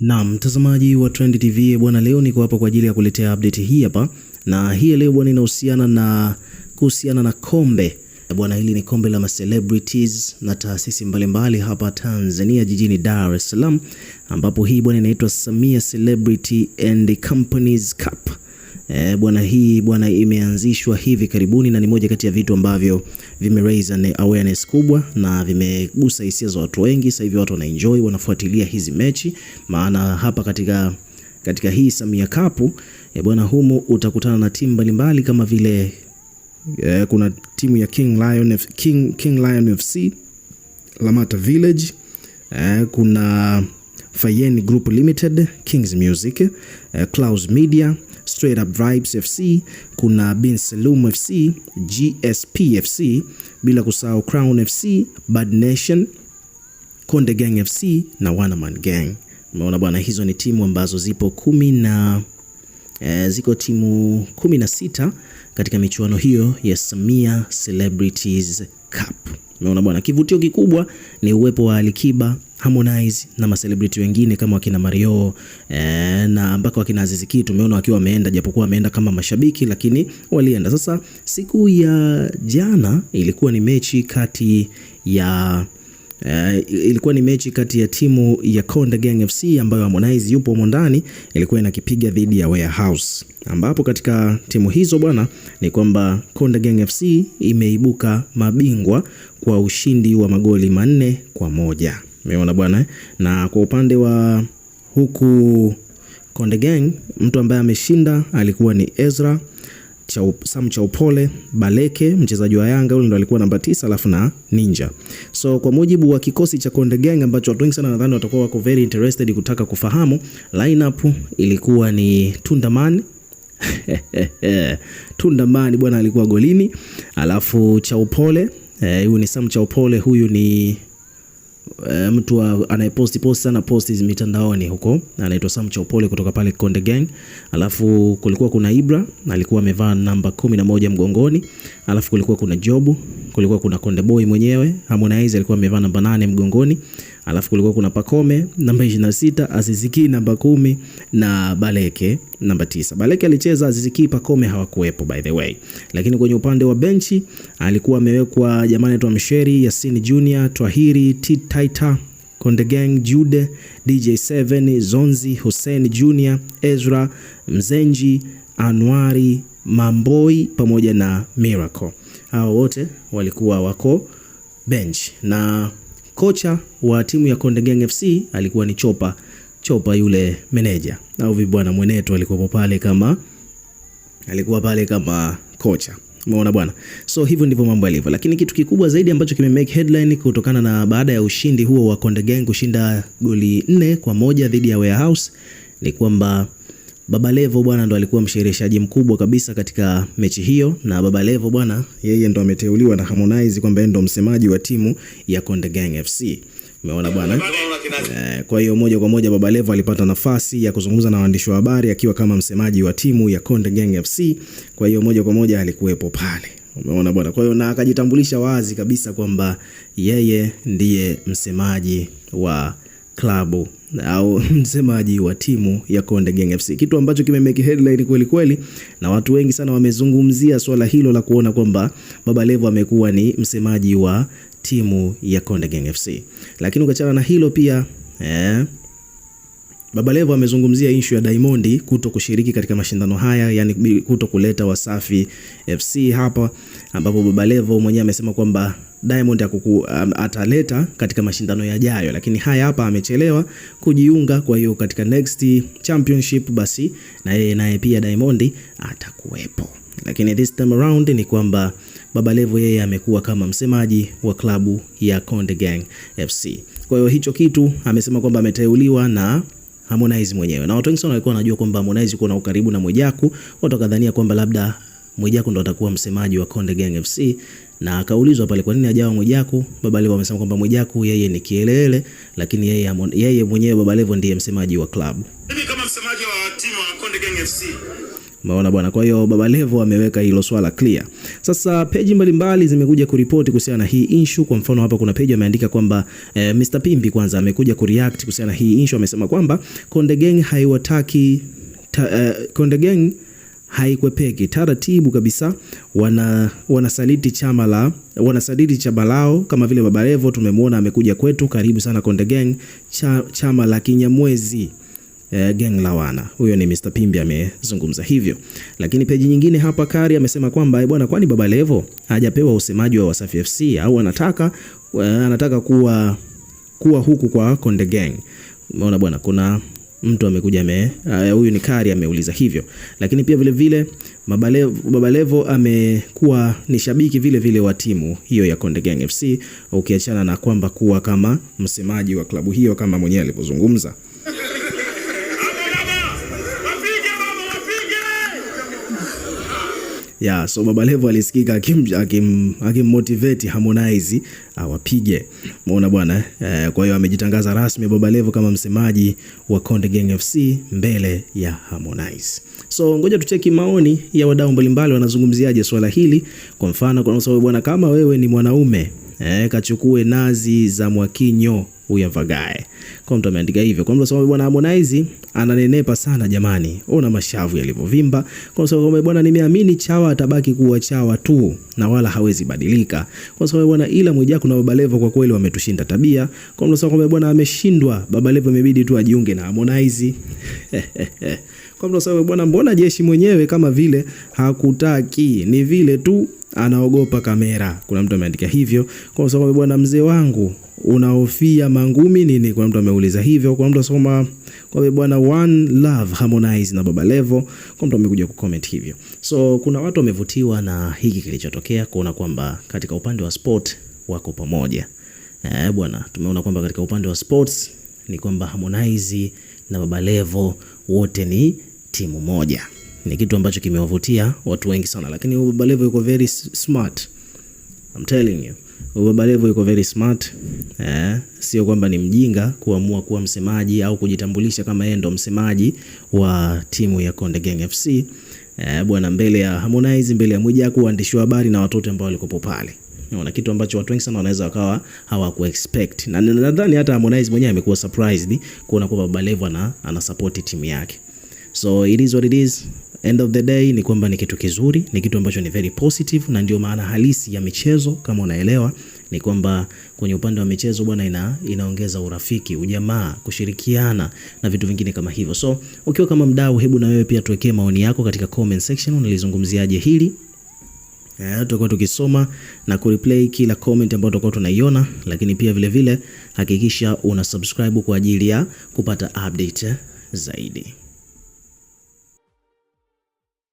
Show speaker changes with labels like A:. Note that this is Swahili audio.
A: Na mtazamaji wa Trend TV bwana, leo niko hapa kwa ajili ya kuletea update hii hapa, na hii leo bwana inahusiana na kuhusiana na kombe bwana. Hili ni kombe la macelebrities na taasisi mbalimbali hapa Tanzania jijini Dar es Salaam, ambapo hii bwana inaitwa Samia Celebrity and Companies Cup E, bwana hii bwana imeanzishwa hivi karibuni na ni moja kati ya vitu ambavyo vime raise an awareness kubwa na vimegusa hisia za watu wengi. Sasa hivi watu enjoy, wanafuatilia hizi mechi, maana hapa katika katika hii Samia Cup eh, bwana, humu utakutana na timu mbalimbali kama vile e, kuna timu ya King Lion, King, King Lion FC Lamata Village e, kuna Fayeni Group Limited, Kings Music e, Media Straight Up Vibes FC, kuna Bin Salum FC, GSP FC, bila kusahau Crown FC, Bad Nation, Konde Gang FC na Wanaman Gang. Umeona bwana, hizo ni timu ambazo zipo kumi na e, ziko timu kumi na sita katika michuano hiyo ya Samia Celebrities Cup. Umeona bwana, kivutio kikubwa ni uwepo wa Alikiba Harmonize na maselebriti wengine kama wakina Mario eh, na mpaka wakina Aziz Ki tumeona wakiwa wameenda, japokuwa wameenda kama mashabiki, lakini walienda. Sasa siku ya jana ilikuwa ni mechi kati ya Uh, ilikuwa ni mechi kati ya timu ya Konde Gang FC ambayo Harmonize yupo humo ndani, ilikuwa inakipiga dhidi ya Warehouse, ambapo katika timu hizo bwana ni kwamba Konde Gang FC imeibuka mabingwa kwa ushindi wa magoli manne kwa moja. Umeona bwana eh? Na kwa upande wa huku Konde Gang mtu ambaye ameshinda alikuwa ni Ezra Chau, Sam Chaupole, Baleke mchezaji wa Yanga yule ndo alikuwa namba tisa, alafu na Ninja. So kwa mujibu wa kikosi cha Konde Gang ambacho watu wengi sana nadhani watakuwa wako very interested kutaka kufahamu, lineup ilikuwa ni Tundaman Tundaman bwana alikuwa golini, alafu Chaupole eh, huyu eh, ni Sam Chaupole huyu ni Eh, mtu anayeposti post sana post mitandaoni huko anaitwa Sam Chaupole kutoka pale Konde Gang. Alafu kulikuwa kuna Ibra alikuwa amevaa namba kumi na moja mgongoni, alafu kulikuwa kuna Jobu kulikuwa kuna Konde Boy mwenyewe Harmonize alikuwa amevaa namba nane mgongoni, alafu kulikuwa kuna Pacome namba 26, Aziz Ki namba kumi na Baleke namba tisa. Baleke alicheza, Aziziki, Ki, Pacome hawakuwepo by the way. Lakini kwenye upande wa benchi alikuwa amewekwa jamani, tu twamsheri Yasini Junior, Twahiri, Titaita Konde Gang, Jude, DJ7, Zonzi, Hussein Junior, Ezra Mzenji, Anwari Mamboi pamoja na Miracle hawa wote walikuwa wako bench, na kocha wa timu ya Konde Gang FC alikuwa ni Chopa Chopa, yule meneja au vibwana mwenetu, alikuwa pale kama alikuwa pale kama kocha. Umeona bwana, so hivyo ndivyo mambo yalivyo, lakini kitu kikubwa zaidi ambacho kime make headline kutokana na baada ya ushindi huo wa Konde Gang kushinda goli nne kwa moja dhidi ya Warehouse ni kwamba Baba Levo bwana ndo alikuwa mshereheshaji mkubwa kabisa katika mechi hiyo, na Baba Levo bwana, yeye ndo ameteuliwa na Harmonize kwamba yeye ndo msemaji wa timu ya Konde Gang FC. Umeona bwana eh. Kwa hiyo moja kwa moja Baba Levo alipata nafasi ya kuzungumza na waandishi wa habari akiwa kama msemaji wa timu ya Konde Gang FC. Kwa hiyo moja kwa moja alikuwepo pale, umeona bwana. Kwa hiyo na akajitambulisha wazi kabisa kwamba yeye ndiye msemaji wa klabu au msemaji wa timu ya Konde Gang FC, kitu ambacho kimemeki headline kweli kweli, na watu wengi sana wamezungumzia swala hilo la kuona kwamba Baba Levo amekuwa ni msemaji wa timu ya Konde Gang FC. Lakini ukachana na hilo pia eh, Baba Levo amezungumzia ishu ya Diamond kuto kushiriki katika mashindano haya, yani kuto kuleta Wasafi FC hapa, ambapo Baba Levo mwenyewe amesema kwamba Diamond akuku, um, ataleta katika mashindano yajayo, lakini haya hapa amechelewa kujiunga. Kwa hiyo katika next championship basi na yeye naye pia Diamond atakuwepo, lakini this time around ni kwamba Baba Levo yeye amekuwa kama msemaji wa klabu ya Konde Gang FC. Kwa hiyo hicho kitu amesema kwamba ameteuliwa na Harmonize mwenyewe, na watu wengi sana walikuwa wanajua kwamba Harmonize na ukaribu na Mwijaku, watu wakadhania kwamba labda Mwijaku ndo atakuwa msemaji wa Konde Gang FC na akaulizwa pale, kwa nini hajawa Mwijaku? Baba Levo amesema kwamba Mwijaku yeye ni kielele, lakini yeye, yeye mwenyewe Baba Levo ndiye msemaji wa klabu. Mimi kama msemaji wa timu wa Konde Gang FC Maona bwana. Kwa hiyo Baba Levo ameweka hilo swala clear. Sasa peji mbalimbali zimekuja kuripoti kuhusiana na hii issue. Kwa mfano hapa kuna peji ameandika kwamba eh, Mr Pimbi kwanza amekuja kureact kuhusiana na hii issue, amesema kwamba Konde Gang haiwataki ta, eh, Konde Gang haikwepeki taratibu kabisa, wana wanasaliti chama la wanasaliti chama lao, kama vile Baba Levo tumemwona amekuja kwetu, karibu sana Konde Gang, cha, chama la Kinyamwezi eh, gang la wana. Huyo ni Mr Pimbi amezungumza hivyo, lakini peji nyingine hapa Kari amesema kwamba eh, bwana, kwani Baba Levo hajapewa usemaji wa Wasafi FC au anataka eh, anataka kuwa kuwa huku kwa Konde Gang? Umeona bwana, kuna mtu amekuja ame eh, huyu ni Kari ameuliza hivyo, lakini pia vile vile Babalevo amekuwa ni shabiki vile vile wa timu hiyo ya Konde Gang FC, ukiachana na kwamba kuwa kama msemaji wa klabu hiyo kama mwenyewe alivyozungumza. yeah, so Baba Levo alisikika akimmotivate akim, akim Harmonize awapige. Umeona bwana eh, kwa hiyo amejitangaza rasmi Baba Levo kama msemaji wa Konde Gang FC mbele ya Harmonize. So ngoja tucheki maoni ya wadau mbalimbali wanazungumziaje swala hili. Kwa mfano, kwa sababu bwana, kama wewe ni mwanaume eh, kachukue nazi za Mwakinyo uyavagae. Kwa mtu ameandika hivyo. Kwa mtu anasema bwana Harmonize ananenepa sana jamani. Ona mashavu yalivyovimba. Kwa sababu bwana nimeamini chawa atabaki kuwa chawa tu na wala hawezi badilika. Kwa sababu bwana ila Mwijaku na Babalevo kwa kweli wametushinda tabia. Kwa mtu anasema bwana ameshindwa Babalevo imebidi tu ajiunge na Harmonize. kwa mtu asema bwana, mbona jeshi mwenyewe kama vile hakutaki, ni vile tu anaogopa kamera. Kuna mtu ameandika hivyo, kwa sababu bwana, mzee wangu unahofia mangumi nini? Kuna mtu ameuliza hivyo. Kuna mtu asoma kwa bwana one love Harmonize na Baba Levo. Kuna mtu amekuja ku comment hivyo, so kuna watu wamevutiwa na hiki kilichotokea, kuona kwamba katika upande wa sport wako pamoja. Eh bwana, tumeona kwamba katika upande wa sports ni kwamba Harmonize na Baba Levo wote ni timu moja. Ni kitu ambacho kimewavutia watu wengi sana, lakini Baba Levo yuko very smart. I'm telling you. Baba Levo yuko very smart eh, sio kwamba ni mjinga kuamua kuwa msemaji au kujitambulisha kama yeye ndo msemaji wa timu ya Konde Gang FC eh, bwana, mbele ya Harmonize, mbele ya Mwijaku, waandishi wa habari na watoto ambao walikopo pale. Unaona kitu ambacho watu wengi sana wanaweza wakawa hawaku expect. Na nadhani hata Harmonize mwenyewe amekuwa surprised kuona kwamba Babalevo ana ana support timu yake. So it is what it is. End of the day ni kwamba ni kitu kizuri, ni kitu ambacho ni very positive, na ndio maana halisi ya michezo kama unaelewa ni kwamba kwenye upande wa michezo bwana, ina, inaongeza urafiki, ujamaa, kushirikiana na vitu vingine kama hivyo. So ukiwa kama mdau, hebu na wewe pia tuwekee maoni yako katika comment section, unalizungumziaje hili? eh, tutakuwa tukisoma na kureplay kila comment ambayo tutakuwa tunaiona, lakini pia vile vile hakikisha una subscribe kwa ajili ya kupata update zaidi.